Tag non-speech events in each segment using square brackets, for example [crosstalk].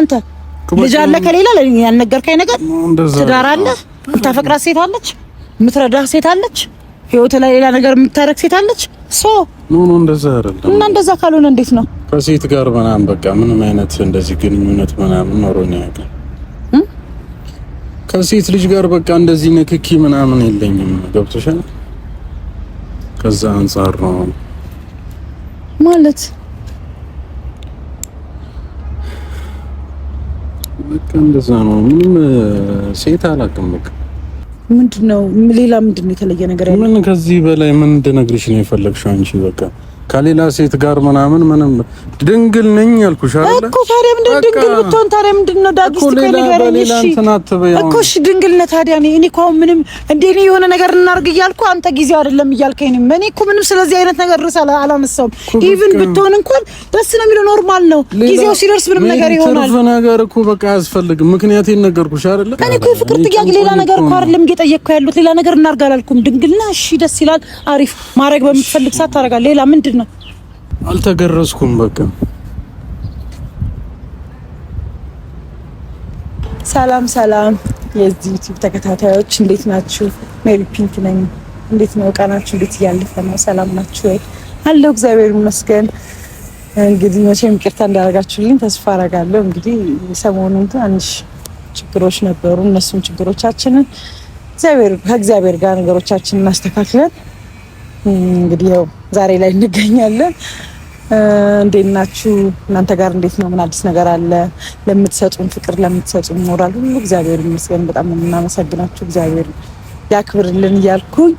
አንተ ልጅ አለ ከሌላ ያልነገርከኝ ነገር ትዳር አለ የምታፈቅራት ሴት አለች የምትረዳህ ሴት አለች ህይወት ላይ ሌላ ነገር የምታረግ ሴት አለች ሶ ኖ ኖ እንደዛ አይደለም እና እንደዛ ካልሆነ እንዴት ነው ከሴት ጋር ምናምን በቃ ምንም አይነት እንደዚህ ግንኙነት ምናምን ኖሮኝ አያውቅም ከሴት ልጅ ጋር በቃ እንደዚህ ንክኪ ምናምን የለኝም ገብቶሻል ከዛ አንጻር ነው ማለት በቃ እንደዛ ነው። ምንም ሴት አላውቅም። በቃ ምንድን ነው ሌላ ምንድን ነው የተለየ ነገር ያለ? ምን ከዚህ በላይ ምን እንድነግርሽ ነው የፈለግሽው አንቺ በቃ ከሌላ ሴት ጋር ምናምን ምንም ድንግል ነኝ ያልኩሽ አይደል እኮ። ታዲያ ምንድን ድንግል ብትሆን ታዲያ ምንድን ነው ዳግስ እስቲ ከኔ ጋር እኮ እሺ፣ ድንግል ነህ። ታዲያ እኔ እኮ አሁን ምንም እንደ እኔ የሆነ ነገር እናርግ እያልኩ አንተ ጊዜው አይደለም እያልከኝ ነው። እኔ እኮ ምንም ስለዚህ አይነት ነገር ድረስ አላነሳውም። ኢቭን ብትሆን እንኳን ደስ ነው የሚለው ኖርማል ነው። ጊዜው ሲደርስ ምንም ነገር ይሆናል። ትርፍ ነገር እኮ በቃ አያስፈልግም። ምክንያት ነገርኩሽ አይደል። እኔ እኮ የፍቅር ጥያቄ ሌላ ነገር እኮ አይደለም እየጠየቅኩ ያሉት። ሌላ ነገር እናድርግ አላልኩም። ድንግልና እሺ፣ ደስ ይላል፣ አሪፍ ማድረግ በምትፈልግ ሰዓት ታደርጋለህ። ሌላ ምንድን አልተገረዝኩም። በቃ ሰላም ሰላም፣ የዚህ ዩቲዩብ ተከታታዮች እንዴት ናችሁ? ሜሪ ፒንክ ነኝ። እንዴት ነው ቀናችሁ? እንዴት እያለፈ ነው? ሰላም ናችሁ ወይ? አለው እግዚአብሔር ይመስገን። እንግዲህ መቼም ይቅርታ እንዳደረጋችሁልኝ ተስፋ አደርጋለሁ። እንግዲህ ሰሞኑን ትናንሽ ችግሮች ነበሩ። እነሱም ችግሮቻችንን ከእግዚአብሔር ጋር ነገሮቻችንን እናስተካክለን እንግዲህ ያው ዛሬ ላይ እንገኛለን። እንዴት ናችሁ? እናንተ ጋር እንዴት ነው? ምን አዲስ ነገር አለ? ለምትሰጡን ፍቅር፣ ለምትሰጡን ሞራል ሁሉ እግዚአብሔር ይመስገን። በጣም የምናመሰግናችሁ። እግዚአብሔር ያክብርልን እያልኩኝ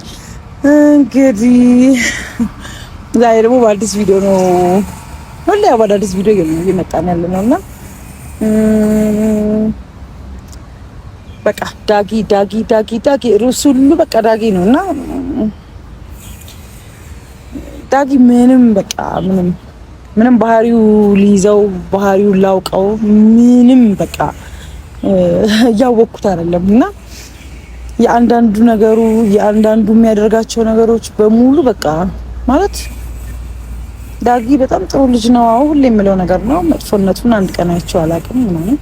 እንግዲህ ዛሬ ደግሞ በአዲስ ቪዲዮ ነው። ሁሌ ያው በአዲስ ቪዲዮ እየመጣን ያለ ነው እና በቃ ዳጊ ዳጊ ዳጊ ዳጊ ርዕሱ ሁሉ በቃ ዳጊ ነው እና ዳጊ ምንም በቃ ምንም ምንም ባህሪው ሊይዘው ባህሪው ላውቀው ምንም በቃ እያወቅኩት አይደለም እና የአንዳንዱ ነገሩ የአንዳንዱ የሚያደርጋቸው ነገሮች በሙሉ በቃ ማለት ዳጊ በጣም ጥሩ ልጅ ነው። አሁን ሁሌ የምለው ነገር ነው። መጥፎነቱን አንድ ቀን አይቼው አላውቅም ምናምን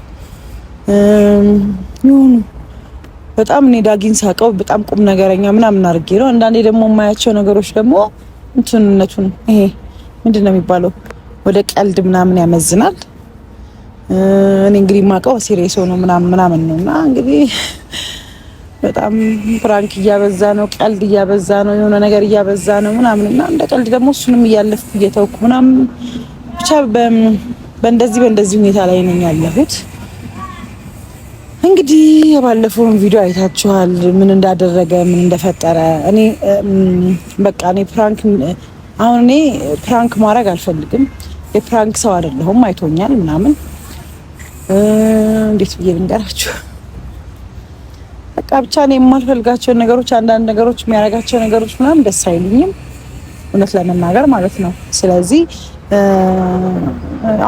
ይሁኑ በጣም እኔ ዳጊን ሳቀው በጣም ቁም ነገረኛ ምናምን አድርጌ ነው። አንዳንዴ ደግሞ የማያቸው ነገሮች ደግሞ እንትንነቱን ይሄ ምንድን ነው የሚባለው ወደ ቀልድ ምናምን ያመዝናል። እኔ እንግዲህ ማቀው ሲሪየስ ሆኖ ምናምን ምናምን ነው እና እንግዲህ በጣም ፍራንክ እያበዛ ነው፣ ቀልድ እያበዛ ነው፣ የሆነ ነገር እያበዛ ነው ምናምን እና እንደ ቀልድ ደግሞ እሱንም እያለፍኩ እየተውኩ ምናምን ብቻ በእንደዚህ በእንደዚህ ሁኔታ ላይ ነው ያለሁት። እንግዲህ የባለፈውን ቪዲዮ አይታችኋል፣ ምን እንዳደረገ ምን እንደፈጠረ። እኔ በቃ እኔ ፕራንክ አሁን እኔ ፕራንክ ማድረግ አልፈልግም። የፕራንክ ሰው አይደለሁም። አይቶኛል ምናምን እንዴት ብዬ ልንገራችሁ? በቃ ብቻ እኔ የማልፈልጋቸውን ነገሮች አንዳንድ ነገሮች የሚያደርጋቸው ነገሮች ምናምን ደስ አይሉኝም፣ እውነት ለመናገር ማለት ነው። ስለዚህ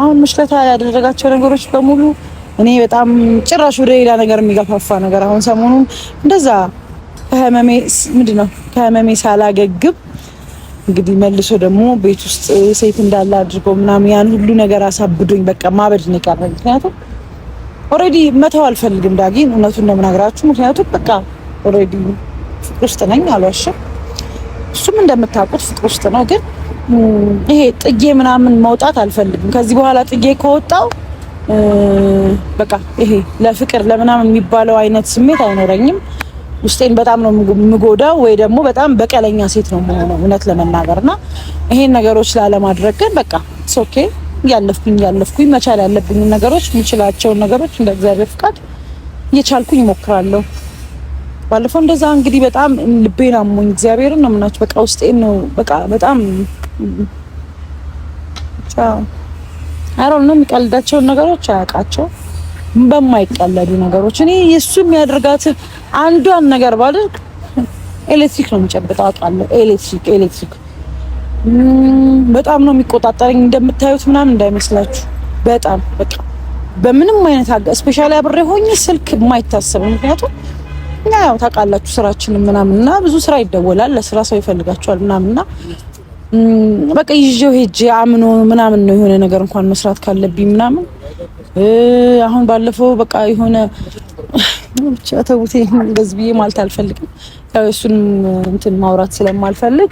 አሁን ምሽለታ ያደረጋቸው ነገሮች በሙሉ እኔ በጣም ጭራሽ ወደ ሌላ ነገር የሚገፋፋ ነገር አሁን ሰሞኑን እንደዛ ከህመሜ ምንድን ነው ከህመሜ ሳላገግብ እንግዲህ መልሶ ደግሞ ቤት ውስጥ ሴት እንዳለ አድርጎ ምናምን ያን ሁሉ ነገር አሳብዶኝ በቃ ማበድ ነው የቀረኝ። ምክንያቱም ኦልሬዲ መተው አልፈልግም ዳጊን እውነቱን እንደምናገራችሁ ምክንያቱም በቃ ኦልሬዲ ፍቅር ውስጥ ነኝ አልዋሽም። እሱም እንደምታውቁት ፍቅር ውስጥ ነው። ግን ይሄ ጥጌ ምናምን መውጣት አልፈልግም። ከዚህ በኋላ ጥጌ ከወጣው በቃ ይሄ ለፍቅር ለምናምን የሚባለው አይነት ስሜት አይኖረኝም። ውስጤን በጣም ነው የምጎዳው፣ ወይ ደግሞ በጣም በቀለኛ ሴት ነው የምሆነው እውነት ለመናገር እና ይሄን ነገሮች ላለማድረግ ግን በቃ ኦኬ ያለፍኩኝ ያለፍኩኝ መቻል ያለብኝ ነገሮች የምችላቸውን ነገሮች እንደ እግዚአብሔር ፍቃድ እየቻልኩኝ እሞክራለሁ። ባለፈው እንደዛ እንግዲህ በጣም ልቤን አሞኝ እግዚአብሔርን ነው ምናቸው በቃ ውስጤን ነው በቃ በጣም ቻው አሮ ነው የሚቀልዳቸውን ነገሮች አያውቃቸው በማይቀለዱ ነገሮች እኔ የሱ የሚያደርጋት አንዷን ነገር ባደርግ ኤሌክትሪክ ነው የሚጨብጠው አውቃለሁ። ኤሌክትሪክ ኤሌክትሪክ በጣም ነው የሚቆጣጠረኝ እንደምታዩት ምናምን እንዳይመስላችሁ። በጣም በቃ በምንም አይነት አጋ ስፔሻሊ አብሬ ሆኜ ስልክ የማይታሰብ ምክንያቱም እኛ ያው ታውቃላችሁ ስራችንን ምናምን እና ብዙ ስራ ይደወላል ለስራ ሰው ይፈልጋቸዋል ምናምን እና በቃ ይዤው ሄጄ አምኖ ምናምን ነው የሆነ ነገር እንኳን መስራት ካለብኝ ምናምን። አሁን ባለፈው በቃ የሆነ ብቻ ተውቴ ገዝብዬ ማለት አልፈልግም። እሱን እንትን ማውራት ስለማልፈልግ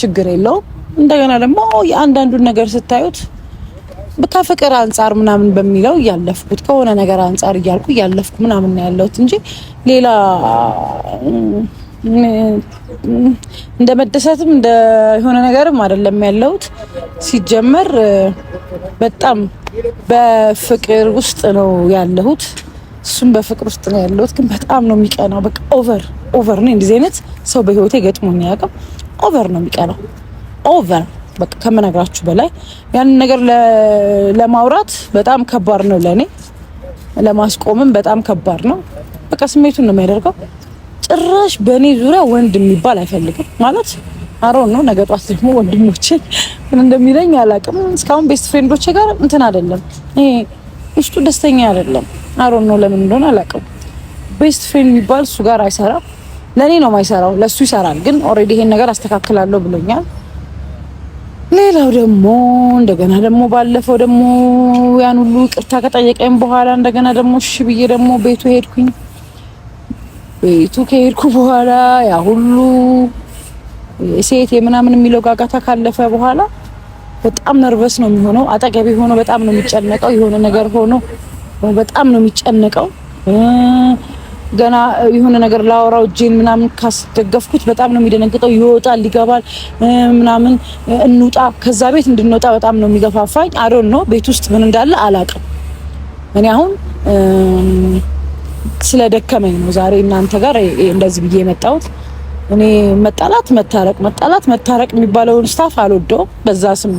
ችግር የለውም። እንደገና ደግሞ የአንዳንዱን ነገር ስታዩት በቃ ፍቅር አንጻር ምናምን በሚለው እያለፍኩት ከሆነ ነገር አንጻር እያልኩ እያለፍኩ ምናምን ያለሁት እንጂ ሌላ እንደ መደሰትም እንደ የሆነ ነገርም አይደለም ያለሁት። ሲጀመር በጣም በፍቅር ውስጥ ነው ያለሁት። እሱም በፍቅር ውስጥ ነው ያለሁት፣ ግን በጣም ነው የሚቀናው። በቃ ኦቨር ኦቨር ነው። እንደዚህ አይነት ሰው በህይወቴ ገጥሞኝ አያውቅም። ኦቨር ነው የሚቀናው፣ ኦቨር በቃ ከመነግራችሁ በላይ ያንን ነገር ለማውራት በጣም ከባድ ነው ለእኔ፣ ለማስቆምም በጣም ከባድ ነው። በቃ ስሜቱን ነው የሚያደርገው ጭራሽ በእኔ ዙሪያ ወንድ የሚባል አይፈልግም ማለት አሮን ነው። ነገ ጧት ደግሞ ወንድሞቼ ምን እንደሚለኝ አላውቅም። እስካሁን ቤስት ፍሬንዶቼ ጋር እንትን አይደለም፣ ይሄ ውስጡ ደስተኛ አይደለም። አሮን ነው፣ ለምን እንደሆነ አላውቅም። ቤስት ፍሬንድ የሚባል እሱ ጋር አይሰራም። ለእኔ ነው የማይሰራው፣ ለእሱ ይሰራል። ግን ኦልሬዲ ይሄን ነገር አስተካክላለሁ ብሎኛል። ሌላው ደግሞ እንደገና ደግሞ ባለፈው ደግሞ ያን ሁሉ ይቅርታ ከጠየቀኝ በኋላ እንደገና ደግሞ እሺ ብዬ ደግሞ ቤቱ ሄድኩኝ። ቤቱ ከሄድኩ በኋላ ያ ሁሉ ሴት የምናምን የሚለው ጋጋታ ካለፈ በኋላ በጣም ነርቨስ ነው የሚሆነው። አጠገቢ ሆኖ በጣም ነው የሚጨነቀው። የሆነ ነገር ሆኖ በጣም ነው የሚጨነቀው። ገና የሆነ ነገር ላወራው እጄን ምናምን ካስደገፍኩት በጣም ነው የሚደነግጠው። ይወጣል ይገባል ምናምን እንውጣ፣ ከዛ ቤት እንድንወጣ በጣም ነው የሚገፋፋኝ። አዶን ነው ቤት ውስጥ ምን እንዳለ አላቅም እኔ አሁን ስለደከመኝ ነው ዛሬ እናንተ ጋር እንደዚህ ብዬ የመጣሁት። እኔ መጣላት መታረቅ መጣላት መታረቅ የሚባለውን ስታፍ አልወደውም። በዛ ስም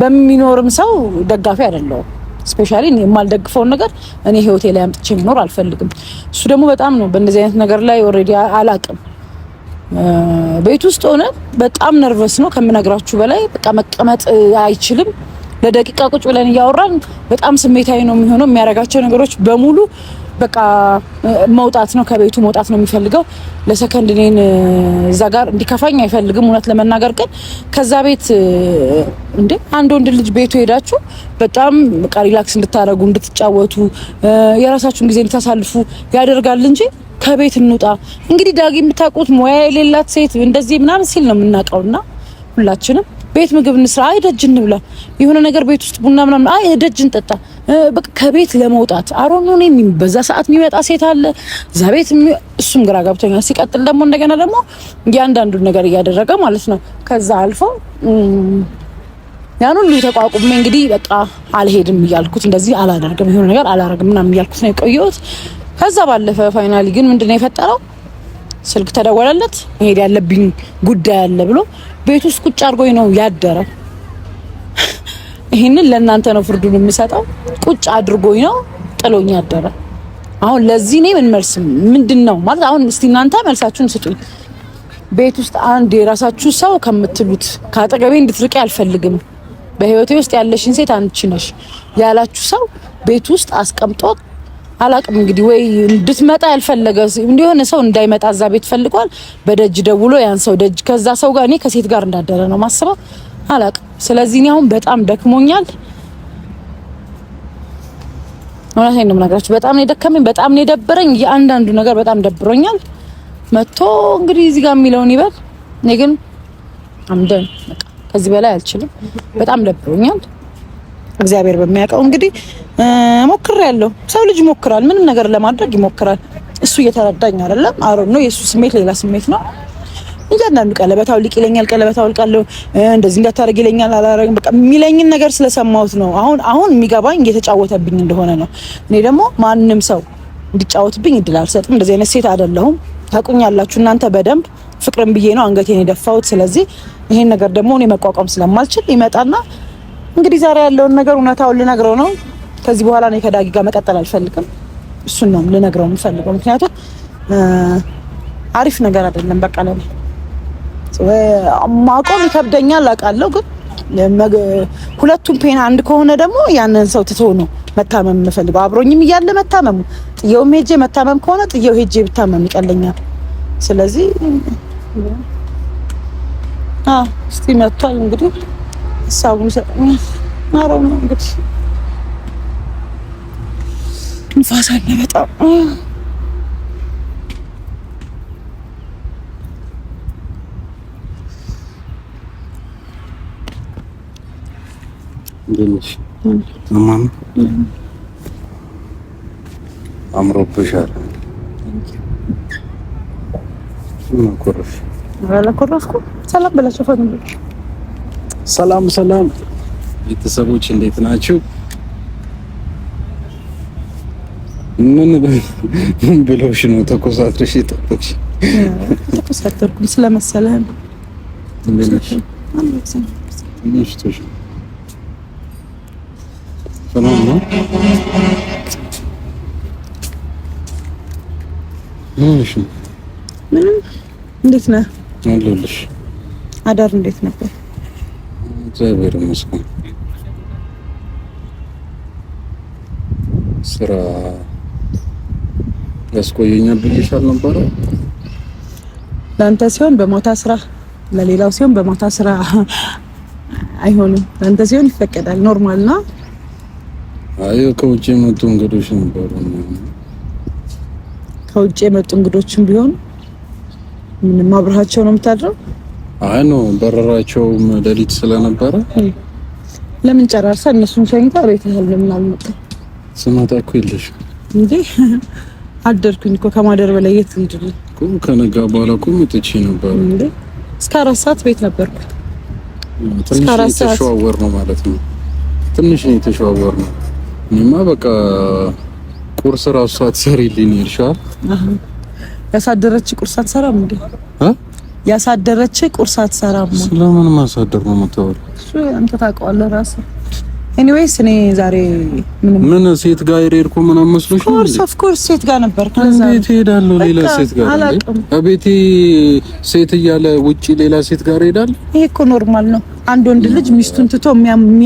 በሚኖርም ሰው ደጋፊ አይደለሁም። ስፔሻሊ የማልደግፈውን ነገር እኔ ህይወቴ ላይ አምጥቼ የሚኖር አልፈልግም። እሱ ደግሞ በጣም ነው በእንደዚህ አይነት ነገር ላይ ኦልሬዲ አላቅም። ቤት ውስጥ ሆነ በጣም ነርቨስ ነው ከምነግራችሁ በላይ በቃ መቀመጥ አይችልም። ለደቂቃ ቁጭ ብለን እያወራን በጣም ስሜታዊ ነው የሚሆነው። የሚያደርጋቸው ነገሮች በሙሉ በቃ መውጣት ነው ከቤቱ መውጣት ነው የሚፈልገው። ለሰከንድ እኔን እዛ ጋር እንዲከፋኝ አይፈልግም። እውነት ለመናገር ግን ከዛ ቤት እንዴ አንድ ወንድ ልጅ ቤቱ ሄዳችሁ በጣም በቃ ሪላክስ እንድታደርጉ እንድትጫወቱ፣ የራሳችሁን ጊዜ እንድታሳልፉ ያደርጋል እንጂ ከቤት እንውጣ። እንግዲህ ዳጊ የምታውቁት ሙያ የሌላት ሴት እንደዚህ ምናምን ሲል ነው የምናውቀውና ሁላችንም ቤት ምግብ እንስራ፣ አይ ደጅ እንብላ፣ የሆነ ነገር ቤት ውስጥ ቡና ምናምን፣ አይ ደጅ እንጠጣ። በቃ ከቤት ለመውጣት አሮኑ ነው። በዛ ሰዓት የሚመጣ ሴት አለ እዛ ቤት፣ እሱም ግራ ገብቶኛል። ሲቀጥል ደግሞ እንደገና ደግሞ እያንዳንዱ ነገር እያደረገ ማለት ነው። ከዛ አልፎ ያን ሁሉ ተቋቁሜ እንግዲህ በቃ አልሄድም እያልኩት እንደዚህ አላደርግም፣ የሆነ ነገር አላደርግም ምናምን እያልኩት ነው የቆየሁት። ከዛ ባለፈ ፋይናሊ ግን ምንድነው የፈጠረው ስልክ ተደወለለት መሄድ ያለብኝ ጉዳይ አለ ብሎ ቤት ውስጥ ቁጭ አድርጎኝ ነው ያደረው። ይህንን ለእናንተ ነው ፍርዱን የምሰጠው። ቁጭ አድርጎኝ ነው ጥሎኝ ያደረ። አሁን ለዚህ እኔ ምን መልስ ምንድን ነው ማለት አሁን እስቲ እናንተ መልሳችሁን ስጡኝ። ቤት ውስጥ አንድ የራሳችሁ ሰው ከምትሉት ከአጠገቤ እንድትርቂ አልፈልግም። በህይወቴ ውስጥ ያለሽን ሴት አንቺ ነሽ ያላችሁ ሰው ቤት ውስጥ አስቀምጦ አላቅም እንግዲህ ወይ እንድትመጣ ያልፈለገ እንዲሆነ ሰው እንዳይመጣ እዛ ቤት ፈልጓል። በደጅ ደውሎ ያን ሰው ደጅ ከዛ ሰው ጋር እኔ ከሴት ጋር እንዳደረ ነው ማስበው አላቅም። ስለዚህ እኔ አሁን በጣም ደክሞኛል። እውነቴን ነው የምነግራችሁ። በጣም ነው የደከመኝ፣ በጣም ነው የደበረኝ። የአንዳንዱ ነገር በጣም ደብሮኛል። መጥቶ እንግዲህ እዚህ ጋር የሚለውን ይበል። እኔ ግን አምደን ከዚህ በላይ አልችልም። በጣም ደብሮኛል። እግዚአብሔር በሚያውቀው እንግዲህ ሞክር ያለው ሰው ልጅ ይሞክራል። ምንም ነገር ለማድረግ ይሞክራል። እሱ እየተረዳኝ አይደለም። አሮ ነው የእሱ ስሜት ሌላ ስሜት ነው። እያንዳንዱ ቀለበት አውልቅ ይለኛል፣ ቀለበት አውልቃለሁ፣ እንደዚህ እንዳታደርግ ይለኛል። አላረግም በቃ የሚለኝን ነገር ስለሰማሁት ነው። አሁን አሁን የሚገባኝ እየተጫወተብኝ እንደሆነ ነው። እኔ ደግሞ ማንም ሰው እንዲጫወትብኝ እድል አልሰጥም። እንደዚህ አይነት ሴት አይደለሁም። ታቁኛላችሁ እናንተ በደንብ ፍቅርን ብዬ ነው አንገቴን የደፋሁት። ስለዚህ ይሄን ነገር ደግሞ እኔ መቋቋም ስለማልችል ይመጣና እንግዲህ ዛሬ ያለውን ነገር እውነታውን ልነግረው ነው። ከዚህ በኋላ እኔ ከዳጊ ጋር መቀጠል አልፈልግም። እሱን ነው ልነግረው የምፈልገው፣ ምክንያቱም አሪፍ ነገር አይደለም። በቃ ለኔ ማቆም ይከብደኛል አውቃለሁ፣ ግን ሁለቱም ፔን አንድ ከሆነ ደግሞ ያንን ሰው ትቶ ነው መታመም የምፈልገው። አብሮኝም እያለ መታመሙ ጥየውም ሄጄ መታመም ከሆነ ጥየው ሄጄ ብታመም ይቀለኛል። ስለዚህ እስቲ መጥቷል እንግዲህ ሀሳቡን ሰጠኛል። አረ ነው እንግዲህ ንፋስ አለ በጣም እማማ አምሮብሻል። ኮረፍኩ ሰላም በላቸው። ሰላም ሰላም ቤተሰቦች እንዴት ናችሁ? ምን ብሎሽ ነው ተኮሳትረሽ የጠበቅሽ? ተኮሳተርኩኝ ስለመሰለህ ነው። እንዴት ነህ? አዳር እንዴት ነበር? እግዚአብሔር ይመስገን። ስራ ያስቆየኛ ብዬሻል ነበረ። ለአንተ ሲሆን በሞታ ስራ፣ ለሌላው ሲሆን በሞታ ስራ አይሆንም። ለአንተ ሲሆን ይፈቀዳል፣ ኖርማል ነው። አይ ከውጭ የመጡ እንግዶች ነበሩ። ከውጭ የመጡ እንግዶችም ቢሆን ምንም አብረሃቸው ነው የምታድረው አይ ነው በረራቸውም ሌሊት ስለነበረ ለምን ጨራርሳ እነሱን ሸኝታ ቤት ያህል ለምን አልመጣ? ስመጣ እኮ የለሽ እንዴ? [laughs] አደርኩኝ እኮ ከማደር በላይ የት እኮ ከነጋ በኋላ እኮ መጥቼ ነበር እንዴ። እስከ አራት ሰዓት ቤት ነበርኩ። ትንሽ የተሸዋወር ነው ማለት ነው። ትንሽ ነው የተሸዋወር ነው። እኔማ በቃ ቁርስ ራሱ አትሰሪልኝ ሰሪልኝ ይልሻል። ያሳደረች ቁርስ አትሰራም እንዴ? አህ ያሳደረች ቁርስ አትሰራም። ስለምን ማሳደር ነው የምታወራው? እሱ አንተ ታውቀዋለህ ራስህ። ኤኒዌይስ እኔ ዛሬ ምን ሴት ጋር የሄድኩ ምናምን መስሎሽ? ኮርስ ኦፍ ኮርስ ሴት ጋር ነበር። እንዴት እሄዳለሁ ሌላ ሴት ጋር? እቤቴ ሴት እያለ ውጪ ሌላ ሴት ጋር እሄዳለሁ? ይሄ እኮ ኖርማል ነው። አንድ ወንድ ልጅ ሚስቱን ትቶ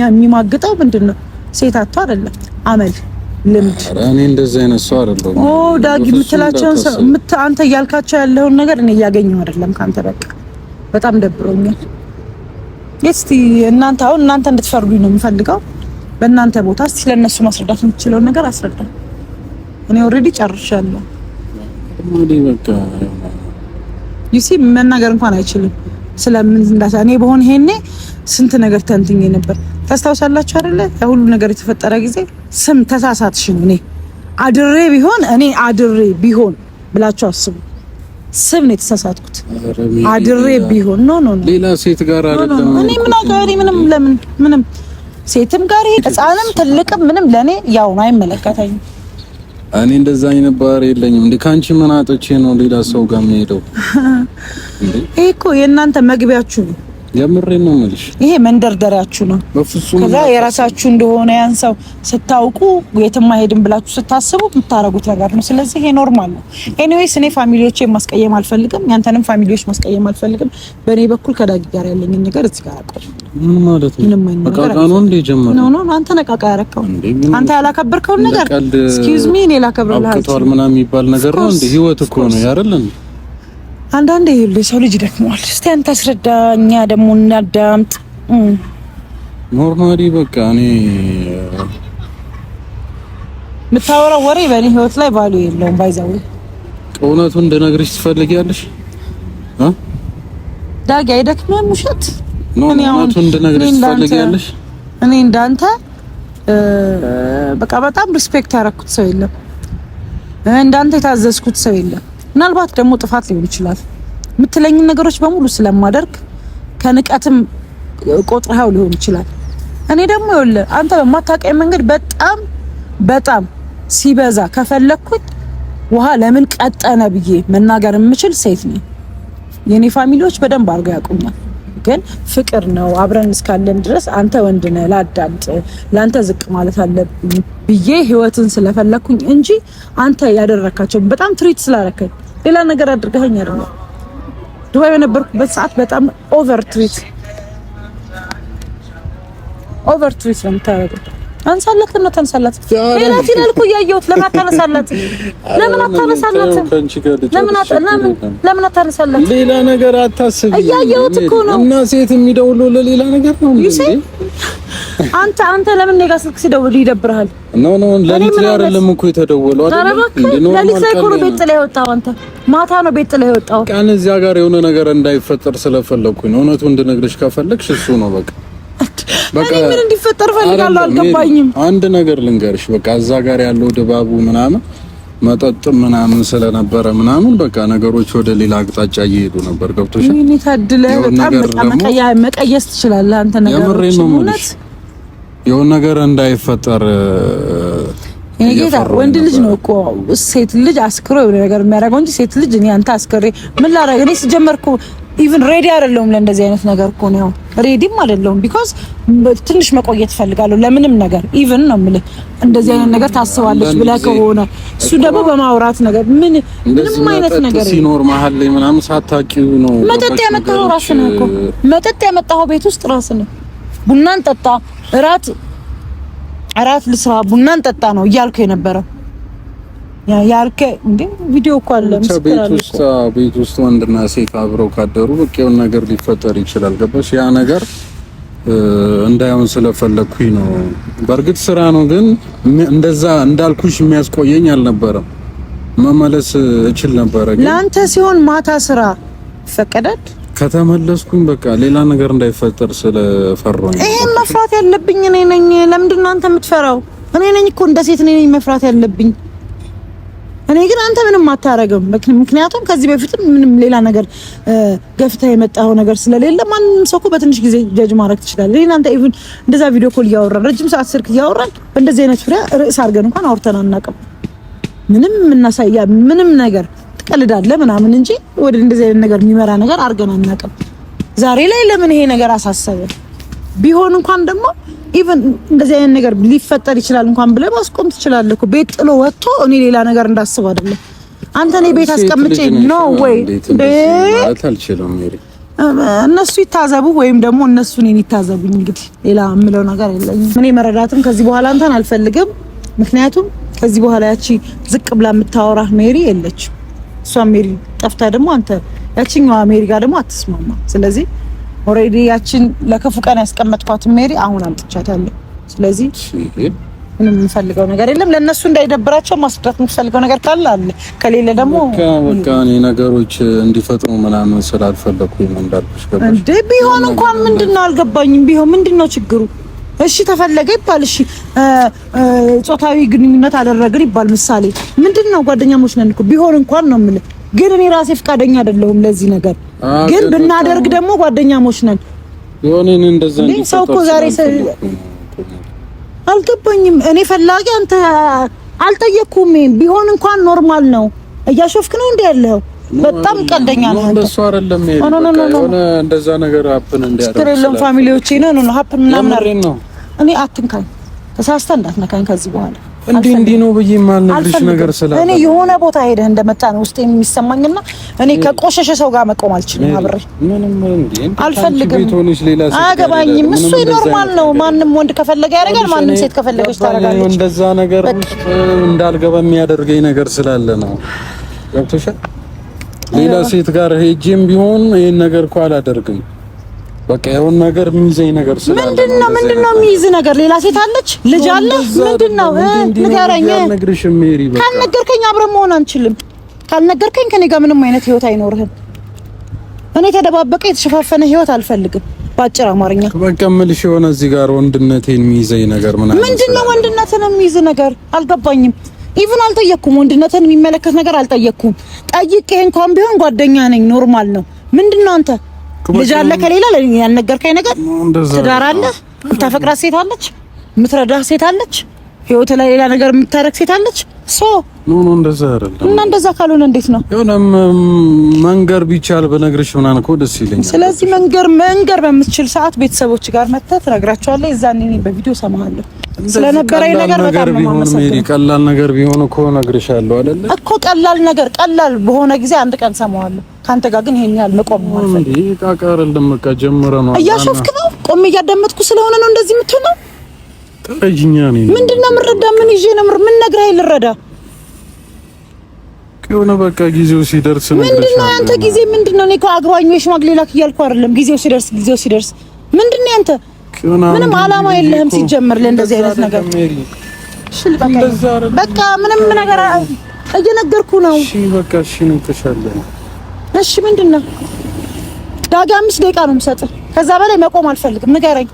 የሚማግጠው ምንድን ነው? ሴት አጥቶ አይደለም አመል ልምድ እኔ እንደዚህ አይነት ሰው አይደለሁም። ኦ ዳግ የምትላቸውን ሰው አንተ እያልካቸው ያለውን ነገር እኔ እያገኘሁ አይደለም ካንተ በቃ በጣም ደብሮኛል። እስቲ እናንተ አሁን እናንተ እንድትፈርዱኝ ነው የምፈልገው። በእናንተ ቦታ እስቲ ለእነሱ ማስረዳት የምትችለውን ነገር አስረዳ። እኔ ኦልሬዲ ጨርሻለሁ። ዩሲ መናገር እንኳን አይችልም ስለምን እንዳሳ እኔ በሆን ይሄኔ ስንት ነገር ተንትኜ ነበር ታስታውሳላችሁ አይደለ? ሁሉ ነገር የተፈጠረ ጊዜ ስም ተሳሳትሽን እኔ አድሬ ቢሆን እኔ አድሬ ቢሆን ብላችሁ አስቡ። ስም ነው የተሳሳትኩት። አድሬ ቢሆን ኖ ኖ ሌላ ሴት ጋር አይደለም። እኔ ምን አጋሪ ምንም ለምን ምንም ሴትም ጋር ይሄ ሕፃንም ትልቅም ምንም ለኔ ያው ነው፣ አይመለከታኝም። እኔ እንደዛ አይነት ባህሪ የለኝም። እንዴ ካንቺ ምን አጥቼ ነው ሌላ ሰው ጋር የምሄደው? ይሄ እኮ የእናንተ መግቢያችሁ ነው የምሬ ነው የምልሽ። ይሄ መንደርደሪያችሁ ነው። በፍጹም። ከዛ የራሳችሁ እንደሆነ ያን ሰው ስታውቁ የትም አይሄድም ብላችሁ ስታስቡ የምታረጉት ነገር ነው። ስለዚህ ይሄ ኖርማል ነው። ኤኒዌይስ እኔ ፋሚሊዎቼን ማስቀየም አልፈልግም፣ ያንተንም ፋሚሊዎች ማስቀየም አልፈልግም። በእኔ በኩል ከዳጊ ጋር ያለኝን ነገር እዚህ ጋር አቆም። ምን ማለት ነው? ምንም እንዴ? ጀመረ ነው ነው አንተ ነቃቃ ያረከው አንተ ያላከበርከውን ነገር ስኪዝ ሚ እኔ ላከብርልሃለሁ ምናምን የሚባል ነገር ነው። እንዴ? ህይወት እኮ ነው ያደለን አንዳንዴ ሰው ልጅ ይደክመዋል። እስቲ አንተ አስረዳ፣ እኛ ደግሞ እናዳምጥ። ኖርማሊ በቃ እኔ የምታወራው ወሬ በእኔ ህይወት ላይ ባሉ የለውም። ባይዛው እውነቱን እንደነግርሽ ትፈልጊያለሽ? አ ዳጊ አይደክምም? ውሸት ነው። እውነቱን እንደነግርሽ ትፈልጊያለሽ? እኔ እንዳንተ በቃ በጣም ሪስፔክት ያደረኩት ሰው የለም። እንዳንተ የታዘዝኩት ሰው የለም። ምናልባት ደግሞ ጥፋት ሊሆን ይችላል የምትለኝ ነገሮች በሙሉ ስለማደርግ ከንቀትም ቆጥረኸው ሊሆን ይችላል። እኔ ደግሞ ይኸውልህ አንተ በማታውቀኝ መንገድ በጣም በጣም ሲበዛ ከፈለኩት ውሃ ለምን ቀጠነ ብዬ መናገር የምችል ሴት ነኝ። የእኔ ፋሚሊዎች በደንብ አድርገው ያውቁኛል። ግን ፍቅር ነው አብረን እስካለን ድረስ አንተ ወንድ ነህ፣ ላዳምጥ፣ ለአንተ ዝቅ ማለት አለብኝ ብዬ ህይወትን ስለፈለግኩኝ እንጂ አንተ ያደረካቸው በጣም ትሪት ስላረከኝ ሌላ ነገር አድርገኸኝ ነው። ዱባይ በነበርኩበት ሰዓት በጣም ኦቨር ትዊት ኦቨር ትዊት ነው የምታደርገው። አንሳላት እና ተንሳላት ሌላ ፊናል እኮ እያየሁት ለምን አታነሳለት? ለምን አታነሳላት? ለምን ለምን አታነሳላት? ሌላ ነገር አታስብ። እያየሁት እኮ ነው። እና ሴት የሚደውለው ለሌላ ነገር ነው እንዴ? አንተ አንተ ለምን እኔ ጋር ስልክ ሲደውል ይደብርሃል? ኖ ኖ፣ ለሊት ላይ አይደለም እኮ የተደወለው አይደለም እንዴ? ለሊት ላይ እኮ ነው ቤት ላይ ወጣው አንተ ማታ ነው ቤት ጥላ የወጣው። ቀን እዚያ ጋር የሆነ ነገር እንዳይፈጠር ስለፈለኩኝ ነው። እውነቱ እንድነግርሽ ከፈለግሽ እሱ ነው በቃ በቃ ምን እንዲፈጠር ፈልጋለሁ። አልገባኝም። አንድ ነገር ልንገርሽ፣ በቃ እዛ ጋር ያለው ድባቡ ምናምን መጠጥ ምናምን ስለነበረ ምናምን በቃ ነገሮች ወደ ሌላ አቅጣጫ እየሄዱ ነበር። ገብቶሽ ምን ይታደለ በጣም መቀየስ ትችላለህ አንተ ነገር ነው የሆነ ነገር እንዳይፈጠር እኔ ጌታ ወንድ ልጅ ነው እኮ ሴት ልጅ አስክሮ የሆነ ነገር የሚያደርገው እንጂ ሴት ልጅ እኔ አንተ አስክሬ ምን ላደርግ እኔ ስጀመርኩ ኢቭን ሬዲ አይደለሁም ለእንደዚህ አይነት ነገር እኮ ነው። ሬዲም አይደለሁም ቢኮዝ ትንሽ መቆየት እፈልጋለሁ ለምንም ነገር ኢቭን ነው የምልህ። እንደዚህ አይነት ነገር ታስባለች ብለህ ከሆነ እሱ ደግሞ በማውራት ነገር ምን ምንም አይነት ነገር ሲኖር መሀል ላይ ምናምን ሳታውቂው ነው መጠጥ ያመጣኸው ራስህ ነው እኮ መጠጥ ያመጣኸው ቤት ውስጥ ራስህ ነው። ቡናን ጠጣ እራት እራት ልስራ፣ ቡናን ጠጣ ነው እያልኩ የነበረው ያልከ እንደ ቪዲዮ እኮ አለ። ቤት ውስጥ ወንድና ሴት አብረው ካደሩ በቃ የሆነ ነገር ሊፈጠር ይችላል። ገባሽ? ያ ነገር እንዳይሆን ስለፈለግኩኝ ነው። በእርግጥ ስራ ነው፣ ግን እንደዛ እንዳልኩሽ የሚያስቆየኝ አልነበረም። መመለስ እችል ነበረ። ግን ለአንተ ሲሆን ማታ ስራ ይፈቀዳል? ከተመለስኩኝ በቃ ሌላ ነገር እንዳይፈጠር ስለፈራኝ፣ ይሄን መፍራት ያለብኝ እኔ ነኝ። ለምንድን ነው አንተ የምትፈራው? እኔ ነኝ እኮ እንደ ሴት እኔ ነኝ መፍራት ያለብኝ። እኔ ግን አንተ ምንም አታረግም። ምክንያቱም ከዚህ በፊትም ምንም ሌላ ነገር ገፍታ የመጣው ነገር ስለሌለ ማንም ሰው እኮ በትንሽ ጊዜ ጀጅ ማድረግ ትችላለህ። እኔ አንተ ኢቭን እንደዛ ቪዲዮ ኮል እያወራን ረጅም ሰዓት ስልክ እያወራን እንደዚህ አይነት ዙሪያ ርዕስ አድርገን እንኳን አውርተን አናውቅም። ምንም እናሳያ ምንም ነገር ታስቀልዳለህ ምናምን እንጂ ወደ እንደዚህ አይነት ነገር የሚመራ ነገር አድርገን አናውቅም። ዛሬ ላይ ለምን ይሄ ነገር አሳሰበ? ቢሆን እንኳን ደግሞ ኢቨን እንደዚህ አይነት ነገር ሊፈጠር ይችላል እንኳን ብለህ ማስቆም ትችላለህ እኮ ቤት ጥሎ ወጥቶ እኔ ሌላ ነገር እንዳስብ አይደለም። አንተ እኔ ቤት አስቀምጬ ነው ወይ እነሱ ይታዘቡ ወይም ደግሞ እነሱ እኔን ይታዘቡኝ። እንግዲህ ሌላ የምለው ነገር የለኝም። እኔ መረዳትም ከዚህ በኋላ አንተን አልፈልግም። ምክንያቱም ከዚህ በኋላ ያቺ ዝቅ ብላ የምታወራህ ሜሪ የለችም። እሷ ሜሪ ጠፍታ ደግሞ አንተ ያችኛዋ ሜሪ ጋር ደግሞ አትስማማ። ስለዚህ ኦልሬዲ ያችን ለክፉ ቀን ያስቀመጥኳትን ሜሪ አሁን አምጥቻታለሁ። ስለዚህ ምንም የምፈልገው ነገር የለም። ለእነሱ እንዳይደብራቸው ማስረዳት የምፈልገው ነገር ካለ አለ፣ ከሌለ ደግሞ በቃ እኔ ነገሮች እንዲፈጥሩ ምናምን ስላልፈለኩኝ ነው እንዳልኩሽ። እንዴ? ቢሆን እንኳን ምንድን ነው አልገባኝም። ቢሆን ምንድን ነው ችግሩ? እሺ ተፈለገ ይባል፣ እሺ ጾታዊ ግንኙነት አደረግን ይባል። ምሳሌ ምንድን ነው? ጓደኛሞች ነን እኮ ቢሆን እንኳን ነው የምልህ። ግን እኔ ራሴ ፍቃደኛ አይደለሁም ለዚህ ነገር። ግን ብናደርግ ደግሞ ጓደኛሞች ነን። ሰው እኮ ዛሬ አልገባኝም። እኔ ፈላጊ አንተ አልጠየቅኩም። ቢሆን እንኳን ኖርማል ነው። እያሾፍክ ነው እንዴ ያለው በጣም ቀልደኛ ነው። እንደሱ አይደለም እንደዛ ነገር ሀፕን እንዲያደርግ ፋሚሊዎቼ ነው ነው ሀፕን ምናምን አይደል ነው። እኔ አትንካኝ፣ ተሳስተ እንዳትነካኝ ከዚህ በኋላ እንዲህ እንዲህ ነው ብዬ የማልነግርሽ ነገር ስላለ እኔ የሆነ ቦታ ሄደህ እንደመጣ ነው ውስጥ የሚሰማኝና እኔ ከቆሸሸ ሰው ጋር መቆም አልችልም። አብሬ አልፈልግም። አያገባኝም። እሱ ኖርማል ነው። ማንም ወንድ ከፈለገ ያደርጋል። ማንም ሴት ከፈለገች ታደርጋለች። እንደዛ ነገር እንዳልገባ የሚያደርገኝ ነገር ስላለ ነው። ገብቶሻል? ሌላ ሴት ጋር ሄጄም ቢሆን ይሄን ነገር እኮ አላደርግም። በቃ የሆነ ነገር የሚይዘኝ ነገር ስላለ ምንድነው ምንድነው ምንድን የሚይዝ ነገር? ሌላ ሴት አለች፣ ልጅ አለ። ምንድነው? ምንድን ነው ንገረኝ። ካልነገርከኝ አብረን መሆን አንችልም። ካልነገርከኝ ከኔ ጋር ምንም አይነት ህይወት አይኖርህም። እኔ ተደባበቀ የተሸፋፈነ ህይወት አልፈልግም። ባጭር አማርኛ በቃ እምልሽ የሆነ እዚህ ጋር ወንድነቴን የሚይዘኝ ነገር ምናምን ምንድን ነው ወንድነትን የሚይዝ ነገር አልገባኝም። ኢቭን አልጠየኩም። ወንድነትን የሚመለከት ነገር አልጠየኩም። ጠይቄህ እንኳን ቢሆን ጓደኛ ነኝ፣ ኖርማል ነው። ምንድነው አንተ ልጅ አለ ከሌላ ያልነገርከኝ ነገር? ትዳር አለ፣ የምታፈቅራት ሴት አለች፣ የምትረዳህ ሴት አለች። ህይወት ላይ ሌላ ነገር የምታረግ ሴት አለች። ሶ ኖ ኖ እንደዛ አይደለም። እና እንደዛ ካልሆነ እንዴት ነው የሆነም መንገር ቢቻል በነግርሽ ምናምን እኮ ደስ ይለኛል። ስለዚህ መንገር መንገር በምትችል ሰዓት ቤተሰቦች ጋር መጥተህ ትነግራቸዋለህ። የዛኔ እኔ በቪዲዮ ሰማሃለሁ። ስለነበረኝ ነገር በጣም ነው ሜሪ፣ ቀላል ነገር ቢሆን እኮ እነግርሻለሁ አይደለ እኮ ቀላል ነገር ቀላል በሆነ ጊዜ አንድ ቀን ሰማዋለሁ። ካንተ ጋር ግን ይሄን ያህል መቆም ማለት ነው። እንዴ? ቃቃር እንደምቃ ጀምረ ነው እያሾፍክ ነው። ቆሜ እያዳመጥኩ ስለሆነ ነው እንደዚህ የምትሆነው ጠረጅኛ ነኝ። ምንድን ነው የምንረዳ? ምን ይዤ ነው ምን ነግረህ ልረዳ? የሆነ በቃ ጊዜው ሲደርስ ነው። ምንድን ነው ያንተ ጊዜ ምንድን ነው? እኔ እኮ አግባኝ ወይ ሽማግሌ ላክ እያልኩ አይደለም። ጊዜው ሲደርስ ጊዜው ሲደርስ ምንድን ነው ያንተ ምንም አላማ የለህም ሲጀምር ለእንደዚህ አይነት ነገር። እሺ በቃ ምንም ነገር እየነገርኩ ነው። እሺ በቃ እሺ ነው ተሻለ። እሺ ምንድን ነው ዳጊ፣ አምስት ደቂቃ ነው የምሰጥህ። ከዛ በላይ መቆም አልፈልግም። ንገረኝ።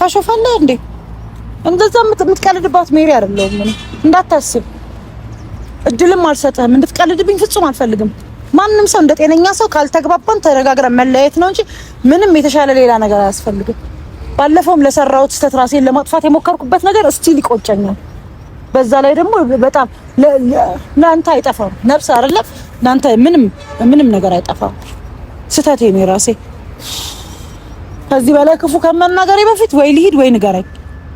ታሾፋለህ እንዴ? እንደዛ የምትቀልድባት ሜሪ አይደለሁም ምን እንዳታስብ። እድልም አልሰጠህም። እንድትቀልድብኝ ፍጹም አልፈልግም። ማንም ሰው እንደ ጤነኛ ሰው ካልተግባባን ተረጋግረን መለያየት ነው እንጂ ምንም የተሻለ ሌላ ነገር አያስፈልግም። ባለፈውም ለሰራሁት ስህተት ራሴን ለማጥፋት የሞከርኩበት ነገር እስቲል ይቆጨኛል። በዛ ላይ ደግሞ በጣም ለአንተ አይጠፋም ነፍስ አይደለም ናንተ ምንም ምንም ነገር አይጠፋም። ስህተቴ ነው የራሴ ከዚህ በላይ ክፉ ከመናገሬ በፊት ወይ ልሂድ ወይ ንገረኝ።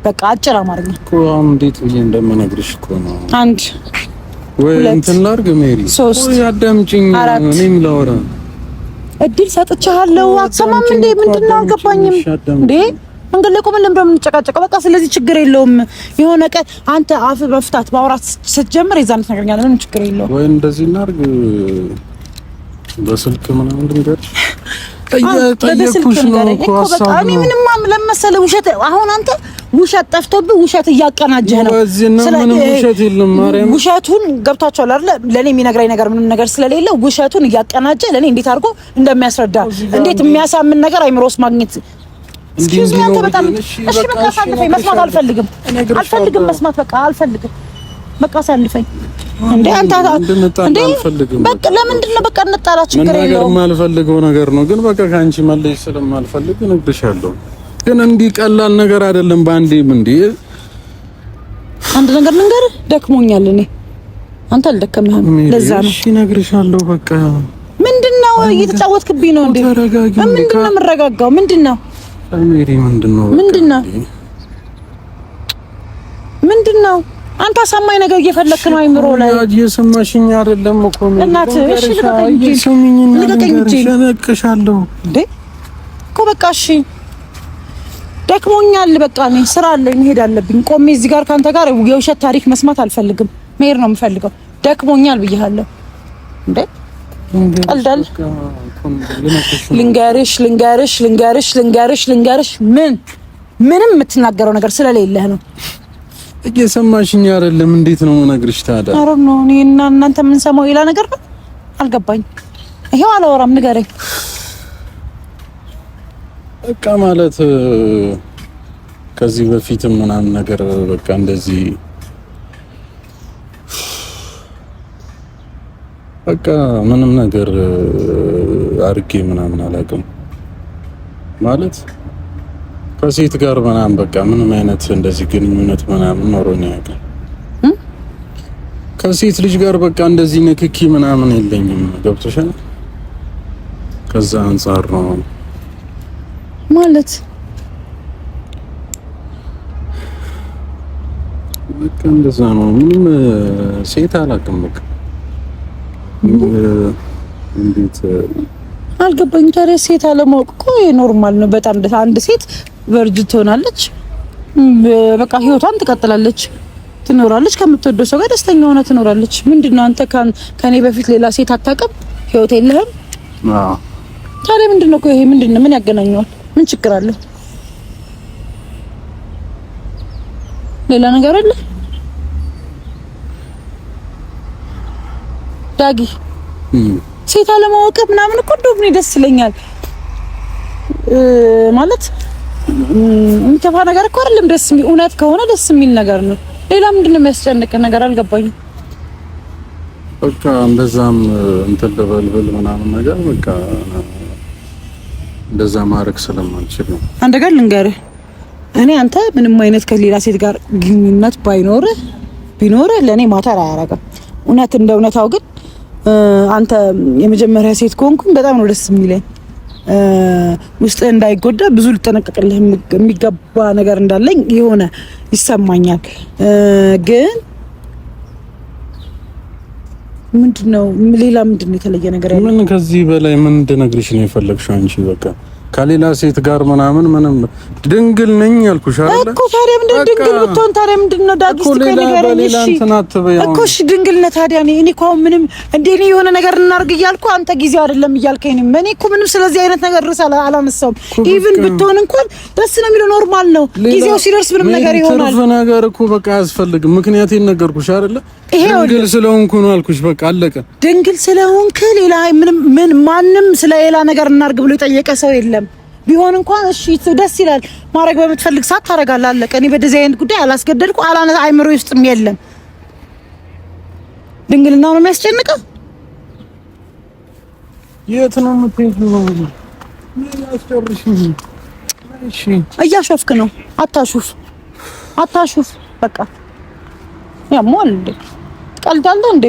በቃ አጭር አማርኛ እኮ አሁን እንዴት ብዬ እንደምነግርሽ እኮ ነው። አንድ ወይ እንትን ላድርግ ሜሪ፣ ሶስት አዳምጪኝ፣ እኔም ላወራ እድል ሰጥቻለሁ። አትሰማም እንዴ? ምንድን ነው አልገባኝም እንዴ? መንገድ ላይ ቆመን ለምንድን ነው የምንጨቃጨቀው? በቃ ስለዚህ ችግር የለውም። የሆነ ቀን አንተ አፍ መፍታት ማውራት ስትጀምር የዛን ትነግረኛለህ። ምንም ችግር የለውም። ወይ እንደዚህ እናድርግ፣ በስልክ ምናምን ልንገርሽ [laughs] ጠየኩሽ ነው እኮ ሀሳብ ነው። ምንም ውሸት አሁን አንተ ውሸት ጠፍቶብህ ውሸት እያቀናጀህ ነው። ምንም ውሸት የለም። ማርያም ውሸቱን ገብቷቸዋል አይደለ? ለእኔ የሚነግራኝ ነገር ምንም ነገር ስለሌለ ውሸቱን እያቀናጀ ለእኔ እንዴት አድርጎ እንደሚያስረዳ እንዴት የሚያሳምን ነገር አይምሮስ ማግኘት እስኪ በጣም እሺ፣ በቃ መስማት አልፈልግም፣ አልፈልግም መስማት በቃ አልፈልግም በቃ አሳልፈኝ። እንዴ አንተ እንዴ በቃ ለምንድን ነው በቃ እንጣላ፣ ችግር የለውም። የማልፈልገው ነገር ነው ግን በቃ ከአንቺ መለይ ስለማልፈልግ እነግርሻለሁ። ግን እንዲህ ቀላል ነገር አይደለም። በአንዴም እንዴ አንድ ነገር ልንገርህ፣ ደክሞኛል። እኔ አንተ አልደከምህም፣ ለዛ ነው። እሺ እነግርሻለሁ። በቃ ምንድነው እየተጫወትክብኝ ነው እንዴ? ምንድነው የምረጋጋው? ምንድነው ምንድነው ምንድነው አንተ አሳማኝ ነገር እየፈለክ ነው። አይምሮ ላይ እየሰማሽኝ አይደለም እኮ ነው እናት። እሺ እንዴ እኮ በቃ እሺ፣ ደክሞኛል። በቃ እኔ ስራ አለኝ መሄድ አለብኝ። ቆሜ እዚህ ጋር ካንተ ጋር የውሸት ታሪክ መስማት አልፈልግም። መሄድ ነው የምፈልገው። ደክሞኛል ብያለሁ እንዴ ቀልዳል። ልንገርሽ ልንገርሽ ልንገርሽ ልንገርሽ ልንገርሽ ምን ምንም የምትናገረው ነገር ስለሌለህ ነው እየሰማሽኝ አይደለም? እንዴት ነው የምነግርሽ ታዲያ? ኧረ ነው እኔ እና እናንተ የምንሰማው ሌላ ነገር ነው። አልገባኝ። ይሄው አላወራም፣ ንገረኝ በቃ። ማለት ከዚህ በፊትም ምናምን ነገር በቃ እንደዚህ በቃ ምንም ነገር አድርጌ ምናምን አላውቅም ማለት ከሴት ጋር ምናምን በቃ ምንም አይነት እንደዚህ ግንኙነት ምናምን ኖሮኝ አያውቅም። ከሴት ልጅ ጋር በቃ እንደዚህ ንክኪ ምናምን የለኝም። ገብቶሻል? ከዛ አንጻር ነው ማለት በቃ እንደዛ ነው። ምንም ሴት አላውቅም። በቃ እንዴት አልገባኝ። ታዲያ ሴት አለማወቅ እኮ ኖርማል ነው በጣም አንድ ሴት ቨርጅ ትሆናለች። በቃ ህይወቷን ትቀጥላለች፣ ትኖራለች። ከምትወደው ሰው ጋር ደስተኛ ሆና ትኖራለች። ምንድነው አንተ ከኔ በፊት ሌላ ሴት አታውቅም? ህይወት የለህም? ታዲያ ምንድነው ይሄ? ምንድነው? ምን ያገናኘዋል? ምን ችግር አለ? ሌላ ነገር አለ ዳጊ ሴት አለማወቅ ምናምን እኮ እንደውም እኔ ደስ ይለኛል ማለት የሚከፋ ነገር እኮ አይደለም። ደስ የሚል እውነት ከሆነ ደስ የሚል ነገር ነው። ሌላ ምንድን ነው የሚያስጨንቅ ነገር አልገባኝም። በቃ እንደዛም እንትን ልበልብል ምናምን ነገር በቃ እንደዛ ማድረግ ስለማልችል ነው። አንድ ጋር ልንገርህ፣ እኔ አንተ ምንም አይነት ከሌላ ሴት ጋር ግንኙነት ባይኖርህ ቢኖርህ ለእኔ ማተር አያረግም። እውነት እንደ እውነታው ግን አንተ የመጀመሪያ ሴት ከሆንኩኝ በጣም ነው ደስ የሚለኝ። ውስጥ እንዳይጎዳ ብዙ ልጠነቀቅልህ የሚገባ ነገር እንዳለኝ የሆነ ይሰማኛል። ግን ምንድነው ሌላ ምንድነው የተለየ ነገር ያለ? ምን ከዚህ በላይ ምን እንድነግርሽ ነው የፈለግሽው አንቺ በቃ ከሌላ ሴት ጋር ምናምን ምንም ድንግል ነኝ አልኩሽ አይደል እኮ። ታዲያ ምንድን ድንግል ብትሆን ታዲያ ምንድን ነው ዳጊ? እስቲ ከኔ ጋር እኮ እሺ፣ ድንግል ነህ። ታዲያ እኔ እኮ አሁን ምንም እንደ እኔ የሆነ ነገር እናድርግ እያልኩ አንተ ጊዜው አይደለም እያልከኝ ነው። እኔ እኮ ምንም ስለዚህ አይነት ነገር ድረስ አላነሳውም። ኢቭን ብትሆን እንኳን ደስ ነው የሚለው ኖርማል ነው። ጊዜው ሲደርስ ምንም ነገር ይሆናል። ትርፍ ነገር እኮ በቃ አያስፈልግም። ምክንያት ነገርኩሽ አይደል? ድንግል ስለሆንኩ ነው አልኩሽ። በቃ አለቀ። ድንግል ስለሆንክ ሌላ ምንም ምን ማንም ስለሌላ ነገር እናድርግ ብሎ የጠየቀ ሰው የለም። ቢሆን እንኳን እሺ ደስ ይላል። ማድረግ በምትፈልግ ሰዓት ታደርጋለህ። አለቀ። እኔ በደዚህ አይነት ጉዳይ አላስገደድኩ አላነ አይምሮ ውስጥም የለም። ድንግልና ነው የሚያስጨንቀው። የት ነው የምትሄጂው? እያሾፍክ ነው። አታሹፍ፣ አታሹፍ። በቃ ያሟል እንዴ? ቀልዳለህ እንዴ?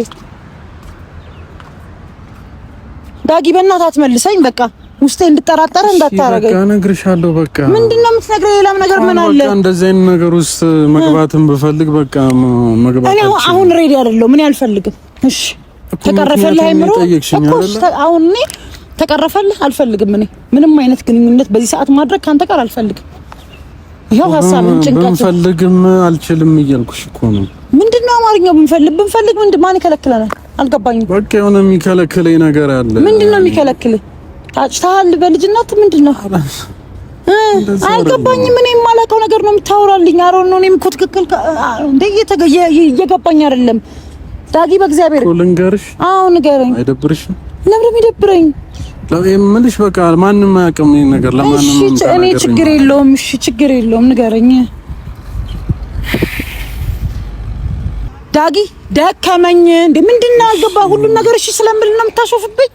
ዳጊ በእናትህ አትመልሰኝ። በቃ ውስጤ እንድጠራጠር እንዳታረገኝ። በቃ እነግርሻለሁ። በቃ ምንድን ነው የምትነግረኝ? ሌላም ነገር ምን አለ? በቃ እንደዚህ አይነት ነገር ውስጥ መግባትን ብፈልግ በቃ መግባት እኔ አሁን ሬዲ አይደለሁም። ምን አልፈልግም። እሺ ተቀረፈልህ? አይምሮ እኮ አሁን እኔ ተቀረፈልህ? አልፈልግም። እኔ ምንም አይነት ግንኙነት በዚህ ሰዓት ማድረግ ካንተ ጋር አልፈልግም። ይኸው ሀሳብን ጭንቀት ብንፈልግም አልችልም እያልኩሽ እኮ ነው። ምንድን ነው አማርኛው? ብንፈልግ ብንፈልግ ምንድን ማን ይከለክለናል? አልገባኝም። በቃ የሆነ የሚከለክለኝ ነገር አለ። ምንድን ነው የሚከለክልህ? ታጭተሃል በልጅነት ምንድን ነው? አይገባኝም። እኔ የማላውቀው ነገር ነው የምታወራልኝ። አሮን ነው እኔም እኮ ትክክል እንደ እየገባኝ አይደለም። ዳጊ በእግዚአብሔር እኮ ልንገርሽ። አዎ ንገረኝ። አይደብርሽም? ለምን የሚደብረኝ የምልሽ በቃ ማንም አያውቅም ይሄን ነገር ለማንም። እሺ እኔ ችግር የለውም። እሺ ችግር የለውም። ንገረኝ ዳጊ። ደከመኝ እንዴ! ምንድን ነው ያልገባ ሁሉን ነገር። እሺ ስለምንድን ነው የምታሾፍብኝ?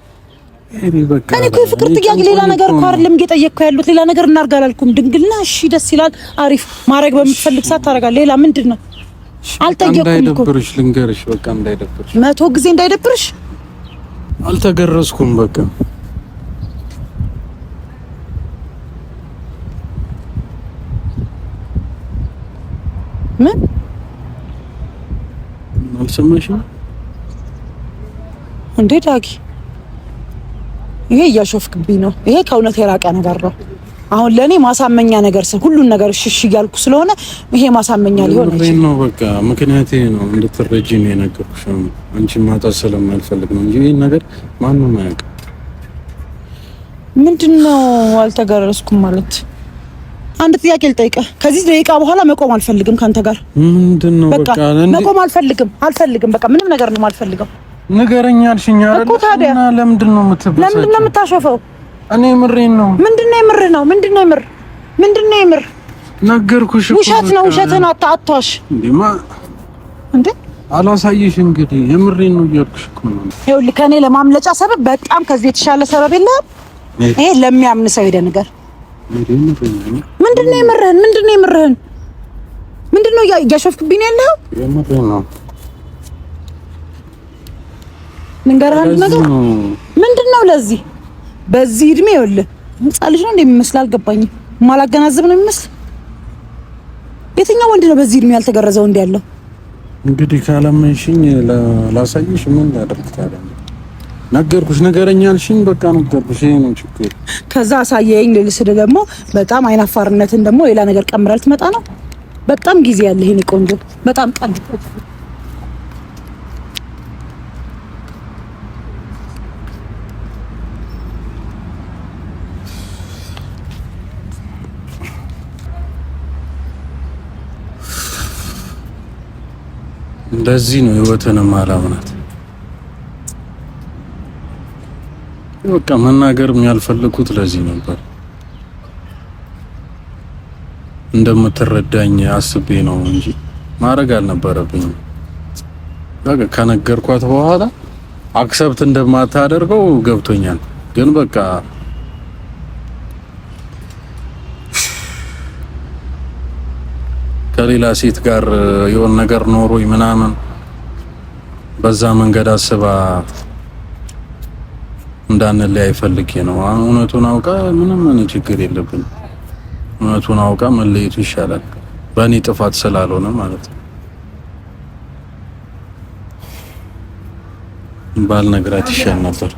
ከኔ እኮ የፍቅር ጥያቄ ሌላ ነገር እኮ አይደለም እየጠየቅኩ ያሉት። ሌላ ነገር እናርግ አላልኩም። ድንግልና እሺ፣ ደስ ይላል፣ አሪፍ ማድረግ በምትፈልግ ሰዓት ታደርጋለህ። ሌላ ምንድን ነው አልጠየቅኩም። እንዳይደብርሽ ልንገርሽ፣ በቃ እንዳይደብርሽ፣ መቶ ጊዜ እንዳይደብርሽ። አልተገረዝኩም በቃ ምን አልሰማሽም እንዴ ዳጊ ይሄ እያሾፍክብኝ ነው። ይሄ ከእውነት የራቀ ነገር ነው። አሁን ለእኔ ማሳመኛ ነገር ስ ሁሉን ነገር ሽሽ እያልኩ ስለሆነ ይሄ ማሳመኛ ሊሆን አይችልም ነው። በቃ ምክንያት ይሄ ነው እንድትረጂ ነው የነገርኩሽ። አንቺ ማጣ ስለማልፈልግ ነው እንጂ ይሄን ነገር ማንም አያውቅም። ምንድን ነው አልተገረዝኩም ማለት? አንድ ጥያቄ ልጠይቀህ። ከዚህ ደቂቃ በኋላ መቆም አልፈልግም ከአንተ ጋር። ምንድን ነው በቃ መቆም አልፈልግም፣ አልፈልግም። በቃ ምንም ነገር ነው አልፈልግም። ንገረኝ አልሽኝ አይደል እኮ። ታዲያ ለምንድን ነው የምትበሳጨው? ለምንድን ነው የምታሾፈው? እኔ ምሬን ነው። ምንድን ነው የምር ነው? ምንድን ነው የምር? ምንድን ነው የምር? ነገርኩሽ። ውሸት ነው። ውሸትን አታቷሽ እንዴማ እንዴ አላሳይሽ እንግዲህ የምሬን ነው እያልኩሽ እኮ ነው። ይኸውልህ ከእኔ ለማምለጫ ሰበብ በጣም ከዚህ የተሻለ ሰበብ የለህም። ይሄ ለሚያምን ሰው ሄደህ ንገር። ምንድን ነው የምርህን? ምንድን ነው የምርህን? ምንድን ነው እያሾፍክብኝ ያለኸው? የምሬን ነው ልንገርህ አንድ ነገር ምንድን ነው ለዚህ በዚህ እድሜ ይኸውልህ ህፃን ልጅ ነው እንደሚመስል አልገባኝም። ማላገናዘብ ነው የሚመስል የትኛው ወንድ ነው በዚህ እድሜ ያልተገረዘ ወንድ ያለው? እንግዲህ ካላመንሽኝ ላሳይሽ። ምን ላደርግ ታዲያ? ነገርኩሽ፣ ነገረኛ አልሽኝ፣ በቃ ነገርኩሽ። ይሄ ነው ችግር። ከዛ አሳየኝ ልል ደግሞ በጣም አይናፋርነትን ደግሞ ሌላ ነገር ቀምራል ትመጣ ነው። በጣም ጊዜ ያለ ይሄን ቆንጆ በጣም ቀን እንደዚህ ነው ህይወትንም አላምናት። በቃ መናገር የሚያልፈልኩት ለዚህ ነበር። እንደምትረዳኝ አስቤ ነው እንጂ ማድረግ አልነበረብኝም። በቃ ከነገርኳት በኋላ አክሰብት እንደማታደርገው ገብቶኛል፣ ግን በቃ ከሌላ ሴት ጋር የሆነ ነገር ኖሮ ምናምን በዛ መንገድ አስባ እንዳንለያይ ፈልጌ ነው። እውነቱን አውቃ ምንም ምን ችግር የለብን። እውነቱን አውቃ መለየቱ ይሻላል፣ በእኔ ጥፋት ስላልሆነ ማለት ነው። ባል ይሻል ነበር።